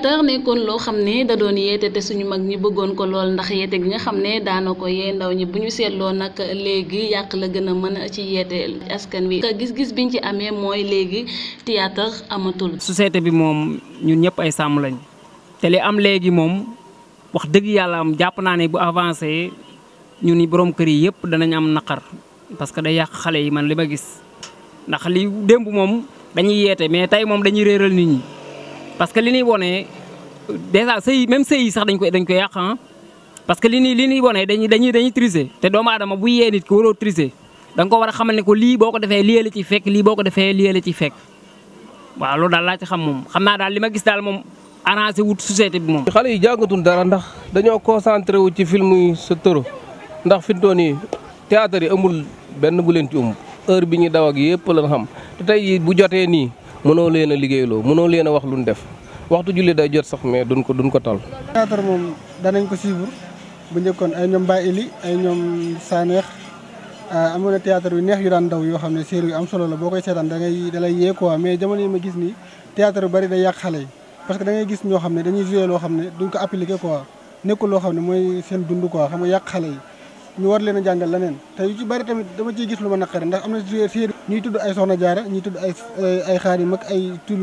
théâtre nekkoon loo xam ne da doon yeete te suñu mag ñi bëggoon ko lool ndax yeete gi nga xam ne daana ko yee ndaw ñi bu ñu seetloo nag léegi yàq la gën a mën a ci yeete askan wi gis-gis biñ ci amee mooy léegi théâtre amatul. société bi moom ñun ñëpp ay sàmm lañu te li am léegi moom wax dëgg yàlla am jàpp naa ne bu avancé ñu ni borom kër yi yëpp danañ am naqar parce que day yàq xale yi man li ma gis ndax li démb moom dañuy yeete mais tey moom dañuy réeral nit ñi. parce que li ñuy wone déjà sëy même sëy yi sax dañ koy dañ koy yàq ah. parce que li nii li ñuy wone dañuy dañuy dañuy triser te doomu aadama bu yee nit ko waroo triser da nga ko war a xamal ko lii boo ko defee lii la ci fekk lii boo ko defee lii la ci fekk waaw loolu daal laa ci xam moom xam naa daal li ma gis daal moom arrangé wut société bi moom. xale yi jàngatul dara ndax dañoo concentré wu ci film yi sa tëru ndax fi mu toll nii théâtre yi amul benn bu leen um. heure bi ñuy daw ak yëpp lañ xam te bu jotee nii. mënoo leen a liggéeyloo mënoo leen a wax lu ñu def waxtu julli day jot sax mais duñ ko duñ ko tal. théâtre moom danañ ko suivre bu njëkkoon ay ñoom Baye Ili ay ñoom Sanex ah, amoon ne théâtre yu neex yu daan daw yoo xam ne série yu am solo la boo koy seetaan da ngay da lay yee quoi mais jamono yi ma gis nii théâtre yu bari day yàq xale yi parce que da ngay gis ñoo xam ne dañuy jouer loo xam ne duñ ko appliquer quoi nekkul loo xam ne mooy seen dund quoi xam nga yàq xale yi. ñu war leen a jàngal leneen te yu ci bari tamit dama ci gis lu ma naqari ndax am na séer ñuy tudd ay soxna jaara ñuy tudd ay ay mag ay tur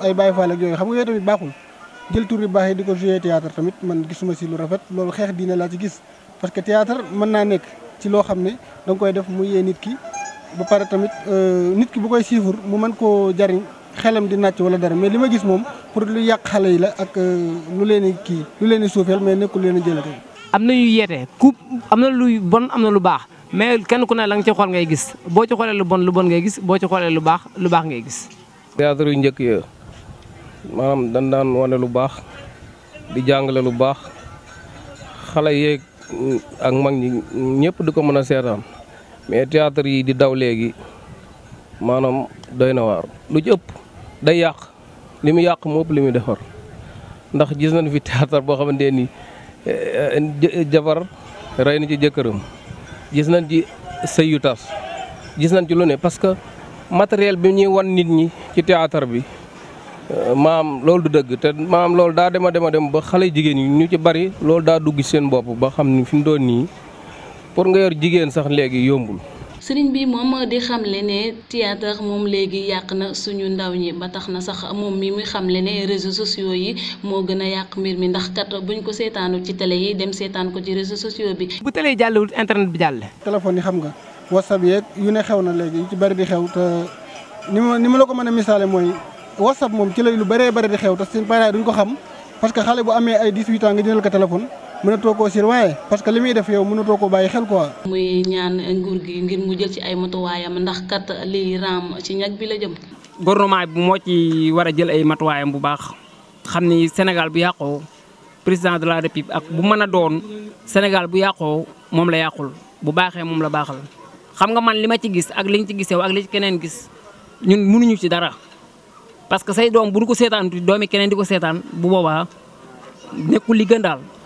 ay Baay Faal yooyu xam nga yooyu baaxul jël tur yu baax yi di ko jouer théâtre tamit man gisuma si lu rafet loolu xeex diine laa ci gis parce que théâtre mën naa nekk ci loo xam ne danga koy def mu yee nit ki bu pare tamit euh, nit ki bu koy siifur mu mën koo jariñ xelam di nàcc wala dara mais li ma gis moom pour lu yàq xale yi la ak euh, lu leen kii lu leen suufeel mais nekkul leen jëlate am na yu yeete ku am na lu bon am na lu baax mais kenn ku ne la nga ci xool ngay gis boo ci xoolee lu bon lu bon ngay gis boo ci xoolee lu baax lu baax ngay gis. théâtre yu njëkk ya maanaam dañ daan wane lu baax di jàngale lu baax xale yeeg ak mag ñi ñëpp di ko mën a seetaan mais théâtre yi di daw léegi maanaam doy na waar lu ci ëpp day yàq li mu yàq mu ëpp li muy defar ndax gis nañ fi théâtre boo xamante nii Eh, eh, eh, jabar rey na ci jëkkëram gis nañ ci sëy yu tas gis nañ ci lu ne parce que matériel bi ñuy wan nit ñi ci théâtre bi maam loolu du dëgg te maam loolu daa dema dema dem ba xale jigéen yi ñu ci bari loolu daa dugg seen bopp ba xam ni fi mu doon nii pour nga yor jigéen sax léegi yombul sëriñ bii moom di xamle ne théâtre moom léegi yàq na suñu ndaw ñi ba tax na sax moom mi muy xamle ne réseau sociaux yi moo gën a yàq mbir mi ndax kat ñu ko seetaanu ci télé yi dem seetaan ko ci réseaux sociaux bi. bu télé jàllewul internet bi jàlle téléphone yi xam nga whatsapp yeeg yu ne xew na léegi ci bari di xew te ni mu ni ma la ko mën a misaale mooy whatsapp moom ci lay lu bare bëri di xew te seen parents duñ ko xam parce que xale bu amee ay 18 ans nga jëndal ko téléphone. mënatoo koo sil waaye parce que li muy def yow mënatoo koo bàyyi xel quoi. muy ñaan nguur gi ngir mu jël ci ay matuwaayam ndax kat lii raam ci ñag bi la jëm. gouvernement bi moo ci war a jël ay matuwaayam bu baax xam ni Sénégal bu yàqoo président de la république ak bu mën a doon Sénégal bu yàqoo moom la yàqul bu baaxee moom la baax la xam nga man li ma ci gis ak liñ ci gisee ak li ci keneen gis ñun munuñu ci dara. parce que say doom bu du ko seetaan doomi keneen di ko seetaan bu boobaa nekkul li gën daal.